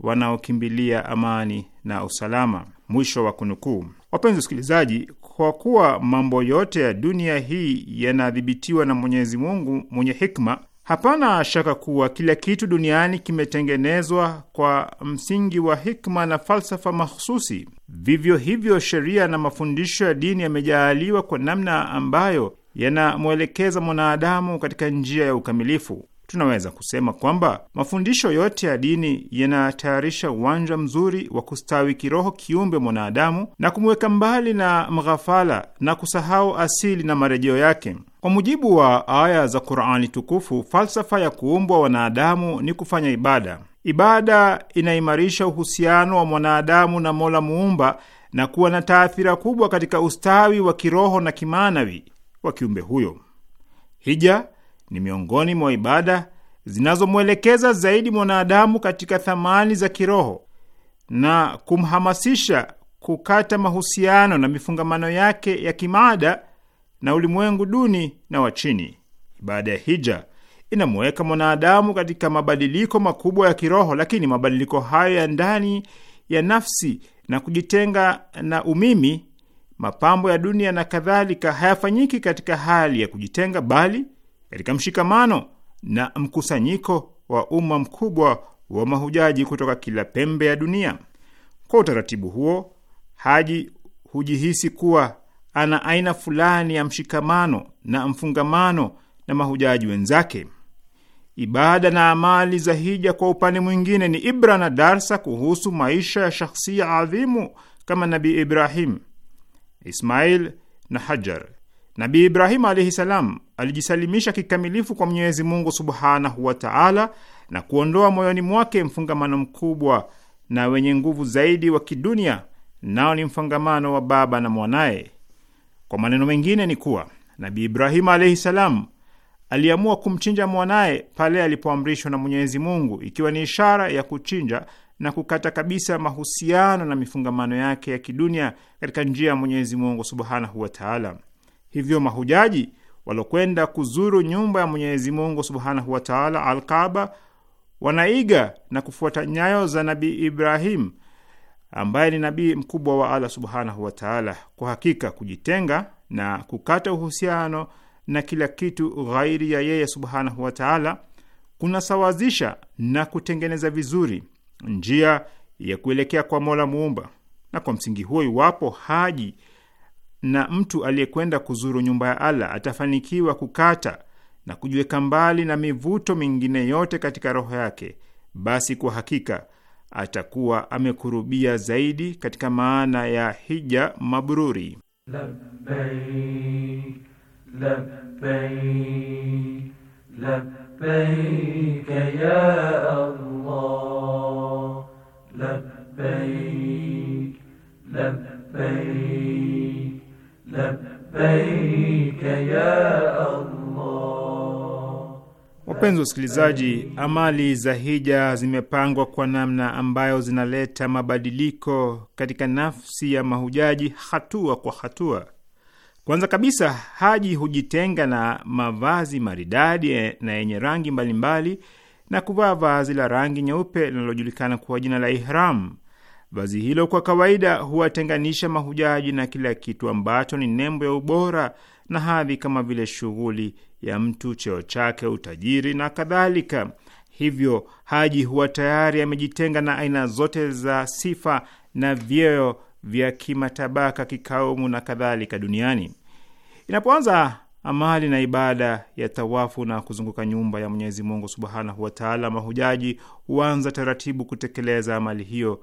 wanaokimbilia amani na usalama. Mwisho wa kunukuu. Wapenzi wasikilizaji, kwa kuwa mambo yote ya dunia hii yanadhibitiwa na Mwenyezi Mungu mwenye hikma, hapana shaka kuwa kila kitu duniani kimetengenezwa kwa msingi wa hikma na falsafa mahususi. Vivyo hivyo, sheria na mafundisho ya dini yamejaaliwa kwa namna ambayo yanamwelekeza mwanadamu katika njia ya ukamilifu. Tunaweza kusema kwamba mafundisho yote ya dini yanatayarisha uwanja mzuri wa kustawi kiroho kiumbe mwanadamu na kumweka mbali na mghafala na kusahau asili na marejeo yake. Kwa mujibu wa aya za Qur'ani tukufu, falsafa ya kuumbwa wanadamu ni kufanya ibada. Ibada inaimarisha uhusiano wa mwanadamu na Mola muumba na kuwa na taathira kubwa katika ustawi wa kiroho na kimaanawi wa kiumbe huyo. Hija ni miongoni mwa ibada zinazomwelekeza zaidi mwanadamu katika thamani za kiroho na kumhamasisha kukata mahusiano na mifungamano yake ya kimaada na ulimwengu duni na wa chini. Ibada ya hija inamuweka mwanadamu katika mabadiliko makubwa ya kiroho, lakini mabadiliko hayo ya ndani ya nafsi na kujitenga na umimi, mapambo ya dunia na kadhalika, hayafanyiki katika hali ya kujitenga, bali katika mshikamano na mkusanyiko wa umma mkubwa wa mahujaji kutoka kila pembe ya dunia. Kwa utaratibu huo, haji hujihisi kuwa ana aina fulani ya mshikamano na mfungamano na mahujaji wenzake. Ibada na amali za hija, kwa upande mwingine, ni ibra na darsa kuhusu maisha ya shakhsia adhimu kama Nabi Ibrahim, Ismail na Hajar nabi Ibrahimu alaihi salam alijisalimisha kikamilifu kwa Mwenyezi Mungu subhanahu wa taala na kuondoa moyoni mwake mfungamano mkubwa na wenye nguvu zaidi wa kidunia, nao ni mfungamano wa baba na mwanaye. Kwa maneno mengine ni kuwa nabi Ibrahimu alaihi salam aliamua kumchinja mwanaye pale alipoamrishwa na Mwenyezi Mungu, ikiwa ni ishara ya kuchinja na kukata kabisa mahusiano na mifungamano yake ya kidunia katika njia ya Mwenyezi Mungu subhanahu wa taala. Hivyo mahujaji walokwenda kuzuru nyumba ya Mwenyezi Mungu subhanahu wa taala, Alkaba, wanaiga na kufuata nyayo za Nabii Ibrahim ambaye ni nabii mkubwa wa Allah subhanahu wa taala. Kwa hakika kujitenga na kukata uhusiano na kila kitu ghairi ya yeye subhanahu wa taala kunasawazisha na kutengeneza vizuri njia ya kuelekea kwa Mola Muumba. Na kwa msingi huo, iwapo haji na mtu aliyekwenda kuzuru nyumba ya Allah atafanikiwa kukata na kujiweka mbali na mivuto mingine yote katika roho yake, basi kwa hakika atakuwa amekurubia zaidi katika maana ya hija mabruri. Labbaik, labbaik, ya Allah, labbaik, labbaik Wapenzi wa usikilizaji, wasikilizaji, amali za hija zimepangwa kwa namna ambayo zinaleta mabadiliko katika nafsi ya mahujaji hatua kwa hatua. Kwanza kabisa, haji hujitenga na mavazi maridadi na yenye rangi mbalimbali na kuvaa vazi la rangi nyeupe linalojulikana kwa jina la ihramu. Vazi hilo kwa kawaida huwatenganisha mahujaji na kila kitu ambacho ni nembo ya ubora na hadhi, kama vile shughuli ya mtu, cheo chake, utajiri na kadhalika. Hivyo haji huwa tayari amejitenga na aina zote za sifa na vyeo vya kimatabaka, kikaumu na kadhalika duniani. Inapoanza amali na ibada ya tawafu na kuzunguka nyumba ya Mwenyezi Mungu subhanahu wataala mahujaji huanza taratibu kutekeleza amali hiyo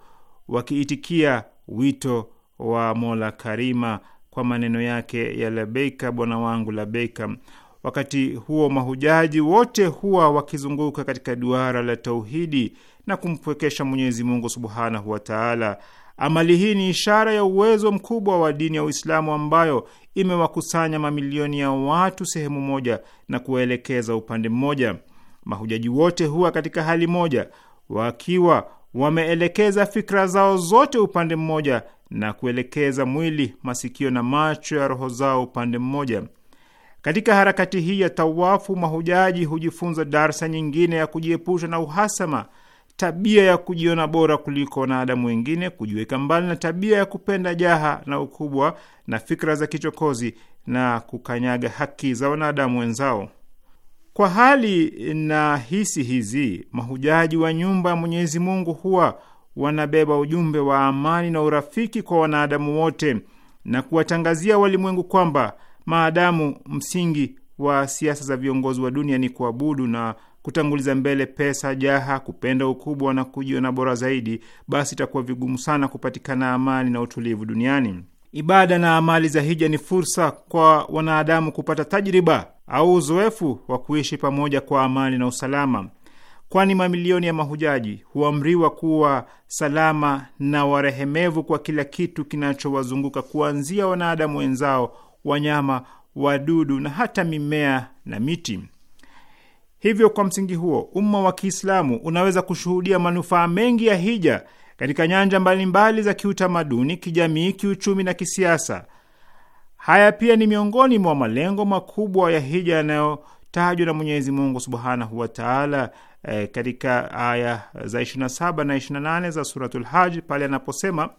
wakiitikia wito wa Mola Karima kwa maneno yake ya labeika bwana wangu labeika. Wakati huo mahujaji wote huwa wakizunguka katika duara la tauhidi na kumpwekesha Mwenyezi Mungu subhanahu wa taala. Amali hii ni ishara ya uwezo mkubwa wa dini ya Uislamu ambayo imewakusanya mamilioni ya watu sehemu moja na kuwaelekeza upande mmoja. Mahujaji wote huwa katika hali moja, wakiwa wameelekeza fikra zao zote upande mmoja na kuelekeza mwili, masikio na macho ya roho zao upande mmoja. Katika harakati hii ya tawafu, mahujaji hujifunza darsa nyingine ya kujiepusha na uhasama, tabia ya kujiona bora kuliko wanadamu wengine, kujiweka mbali na tabia ya kupenda jaha na ukubwa na fikra za kichokozi na kukanyaga haki za wanadamu wenzao. Kwa hali na hisi hizi, mahujaji wa nyumba ya Mwenyezi Mungu huwa wanabeba ujumbe wa amani na urafiki kwa wanadamu wote na kuwatangazia walimwengu kwamba maadamu msingi wa siasa za viongozi wa dunia ni kuabudu na kutanguliza mbele pesa, jaha, kupenda ukubwa na kujiona bora zaidi, basi itakuwa vigumu sana kupatikana amani na utulivu duniani ibada na amali za hija ni fursa kwa wanadamu kupata tajriba au uzoefu wa kuishi pamoja kwa amani na usalama, kwani mamilioni ya mahujaji huamriwa kuwa salama na warehemevu kwa kila kitu kinachowazunguka kuanzia wanadamu wenzao, wanyama, wadudu na hata mimea na miti. Hivyo, kwa msingi huo, umma wa Kiislamu unaweza kushuhudia manufaa mengi ya hija katika nyanja mbalimbali za kiutamaduni, kijamii, kiuchumi na kisiasa. Haya pia ni miongoni mwa malengo makubwa ya hija yanayotajwa na Mwenyezi Mungu subhanahu wataala e, eh, katika aya za 27 na 28 za Suratul Haj pale anaposema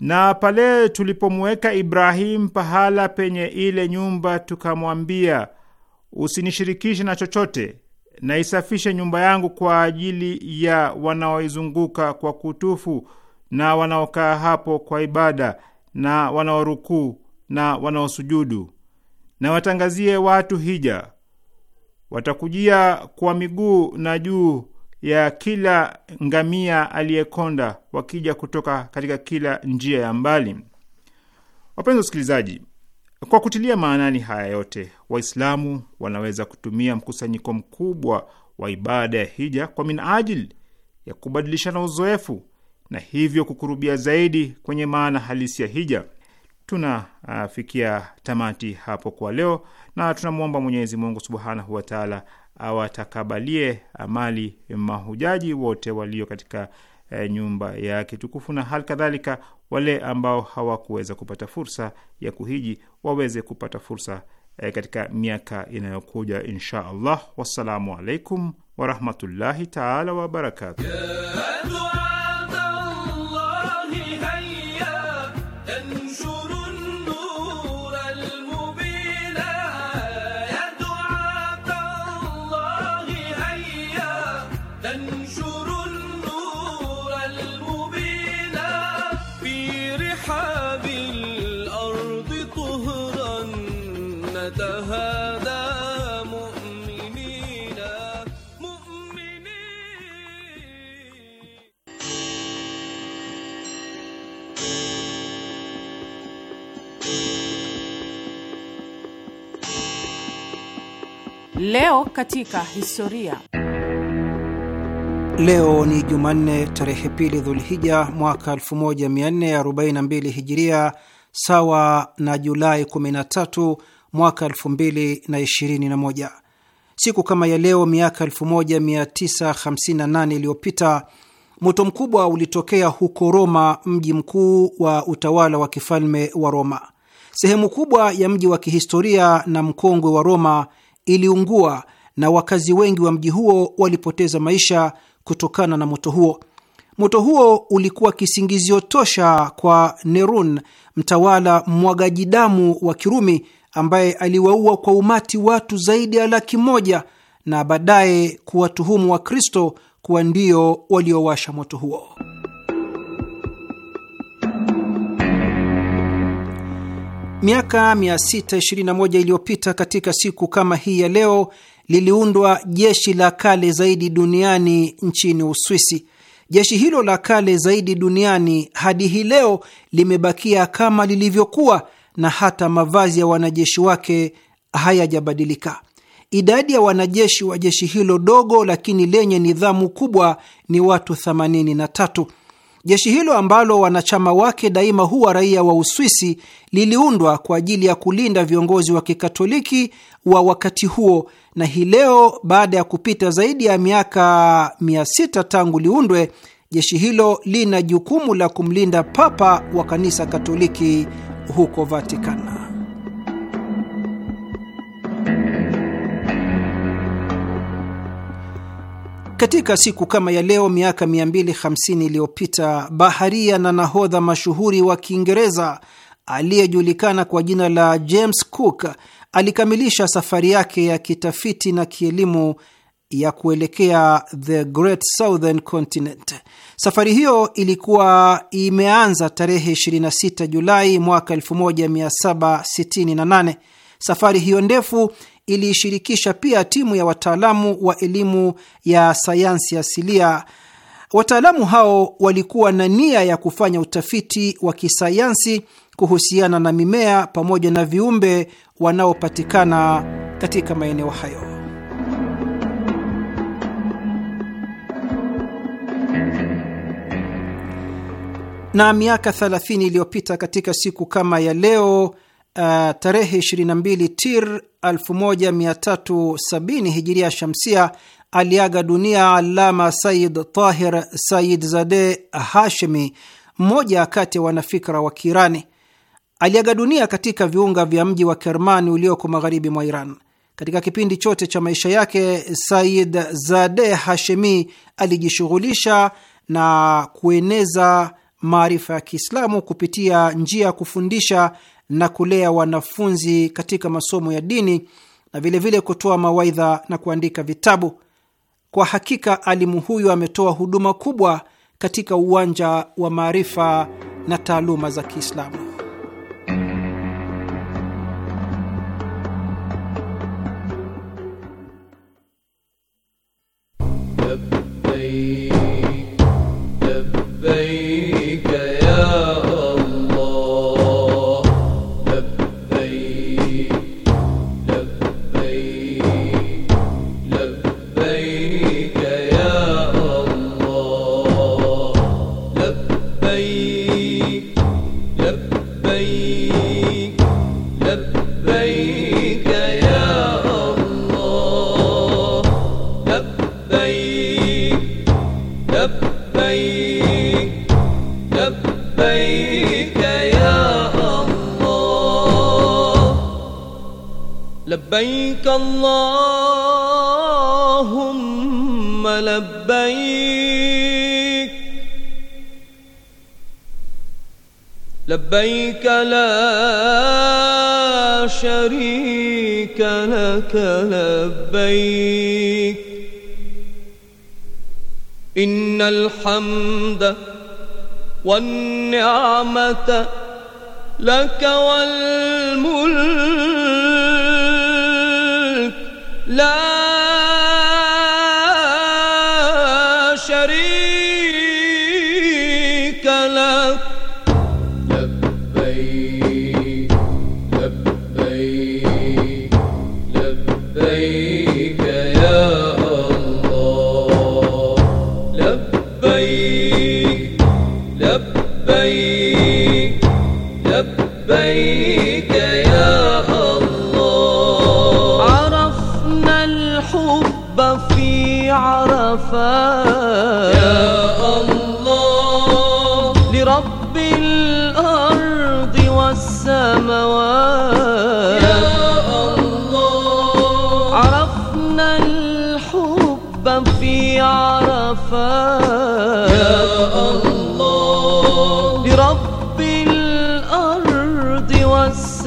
na pale tulipomweka Ibrahim pahala penye ile nyumba, tukamwambia usinishirikishe na chochote, naisafishe nyumba yangu kwa ajili ya wanaoizunguka kwa kutufu na wanaokaa hapo kwa ibada na wanaorukuu na wanaosujudu. Na watangazie watu hija, watakujia kwa miguu na juu ya kila ngamia aliyekonda, wakija kutoka katika kila njia ya mbali. Wapenzi wasikilizaji, kwa kutilia maanani haya yote, Waislamu wanaweza kutumia mkusanyiko mkubwa wa ibada ya hija kwa minajili ya kubadilishana uzoefu na hivyo kukurubia zaidi kwenye maana halisi ya hija. Tunafikia uh, tamati hapo kwa leo, na tunamwomba Mwenyezi Mungu subhanahu wataala awatakabalie amali mahujaji wote walio katika e, nyumba yake tukufu, na hali kadhalika wale ambao hawakuweza kupata fursa ya kuhiji waweze kupata fursa e, katika miaka inayokuja insha Allah. Wassalamu alaikum warahmatullahi taala wabarakatuh. Leo katika historia. Leo ni Jumanne tarehe pili Dhulhija mwaka 1442 Hijiria, sawa na Julai 13 mwaka 2021. Siku kama ya leo miaka 1958 iliyopita moto mkubwa ulitokea huko Roma, mji mkuu wa utawala wa kifalme wa Roma. Sehemu kubwa ya mji wa kihistoria na mkongwe wa Roma iliungua na wakazi wengi wa mji huo walipoteza maisha kutokana na moto huo. Moto huo ulikuwa kisingizio tosha kwa Nerun, mtawala mwagaji damu wa Kirumi, ambaye aliwaua kwa umati watu zaidi ya laki moja na baadaye kuwatuhumu Wakristo kuwa ndio waliowasha moto huo. Miaka 621 iliyopita katika siku kama hii ya leo liliundwa jeshi la kale zaidi duniani nchini Uswisi. Jeshi hilo la kale zaidi duniani hadi hii leo limebakia kama lilivyokuwa na hata mavazi ya wanajeshi wake hayajabadilika. Idadi ya wanajeshi wa jeshi hilo dogo lakini lenye nidhamu kubwa ni watu 83. Jeshi hilo ambalo wanachama wake daima huwa raia wa Uswisi liliundwa kwa ajili ya kulinda viongozi wa Kikatoliki wa wakati huo, na hii leo baada ya kupita zaidi ya miaka 600 tangu liundwe, jeshi hilo lina jukumu la kumlinda Papa wa Kanisa Katoliki huko Vatikana. Katika siku kama ya leo miaka 250 iliyopita baharia na nahodha mashuhuri wa Kiingereza aliyejulikana kwa jina la James Cook alikamilisha safari yake ya kitafiti na kielimu ya kuelekea the Great Southern Continent. Safari hiyo ilikuwa imeanza tarehe 26 Julai mwaka 1768. Safari hiyo ndefu iliishirikisha pia timu ya wataalamu wa elimu ya sayansi asilia. Wataalamu hao walikuwa na nia ya kufanya utafiti wa kisayansi kuhusiana na mimea pamoja na viumbe wanaopatikana katika maeneo hayo. na miaka 30 iliyopita katika siku kama ya leo uh, tarehe 22 Tir 1370 hijiria shamsia aliaga dunia Alama Said Tahir Said Zade hashemi mmoja kati ya wanafikra wa Kiirani. Aliaga dunia katika viunga vya mji wa Kermani ulioko magharibi mwa Iran. Katika kipindi chote cha maisha yake, Said Zade hashemi alijishughulisha na kueneza maarifa ya Kiislamu kupitia njia ya kufundisha na kulea wanafunzi katika masomo ya dini na vilevile kutoa mawaidha na kuandika vitabu. Kwa hakika alimu huyu ametoa huduma kubwa katika uwanja wa maarifa na taaluma za Kiislamu. You. لبيك لا شريك لك لبيك إن الحمد والنعمة لك والملك لا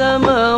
Namah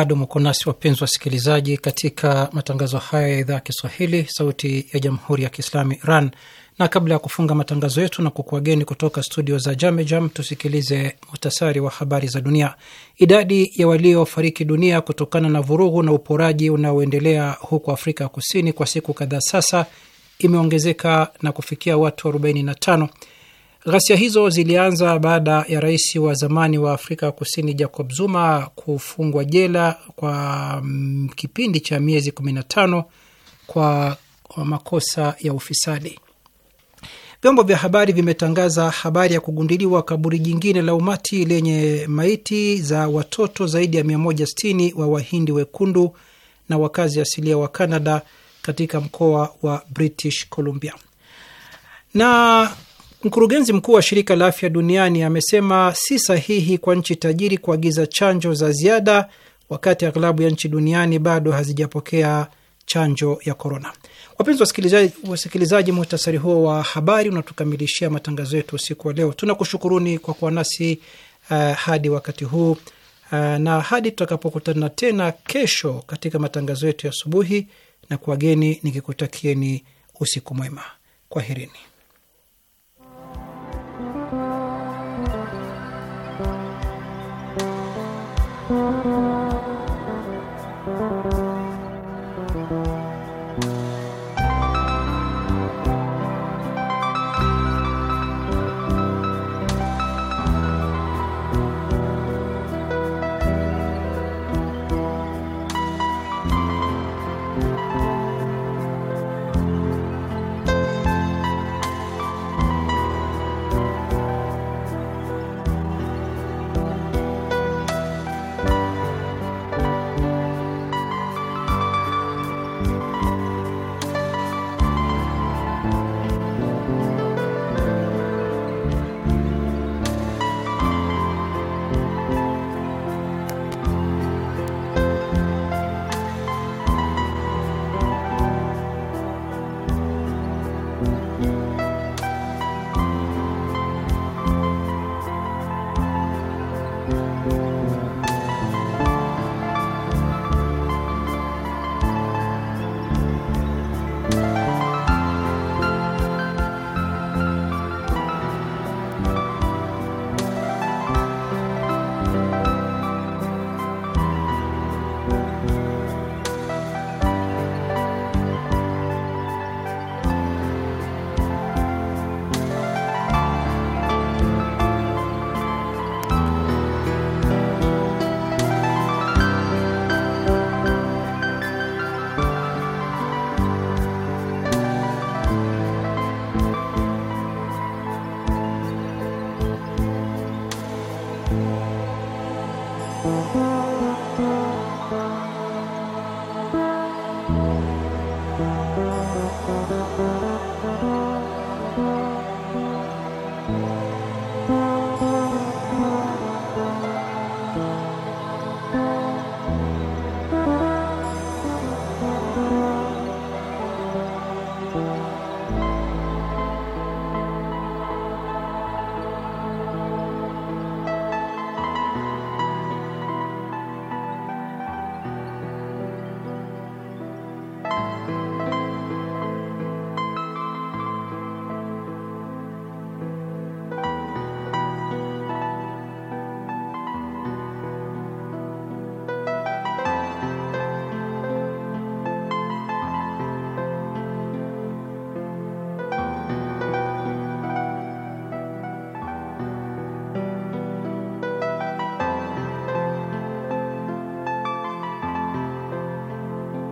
bado mko nasi wapenzi wasikilizaji, katika matangazo haya ya idhaa ya Kiswahili, sauti ya jamhuri ya kiislamu Iran. Na kabla ya kufunga matangazo yetu na kukuageni kutoka studio za Jamejam, tusikilize muhtasari wa habari za dunia. Idadi ya waliofariki dunia kutokana na vurugu na uporaji unaoendelea huko Afrika ya Kusini kwa siku kadhaa sasa imeongezeka na kufikia watu 45. Ghasia hizo zilianza baada ya rais wa zamani wa Afrika Kusini Jacob Zuma kufungwa jela kwa mm, kipindi cha miezi 15 kwa, kwa makosa ya ufisadi. Vyombo vya habari vimetangaza habari ya kugunduliwa kaburi jingine la umati lenye maiti za watoto zaidi ya 160 wa Wahindi wekundu na wakazi asilia wa Canada katika mkoa wa British Columbia na Mkurugenzi mkuu wa shirika la afya duniani amesema si sahihi kwa nchi tajiri kuagiza chanjo za ziada wakati aghlabu ya nchi duniani bado hazijapokea chanjo ya korona. Wapenzi wasikilizaji, muhtasari huo wa habari unatukamilishia matangazo yetu usiku wa leo. Tunakushukuruni kwa kuwa nasi uh, hadi wakati huu uh, na hadi tutakapokutana tena kesho katika matangazo yetu ya asubuhi, na kuwageni nikikutakieni usiku mwema, kwaherini.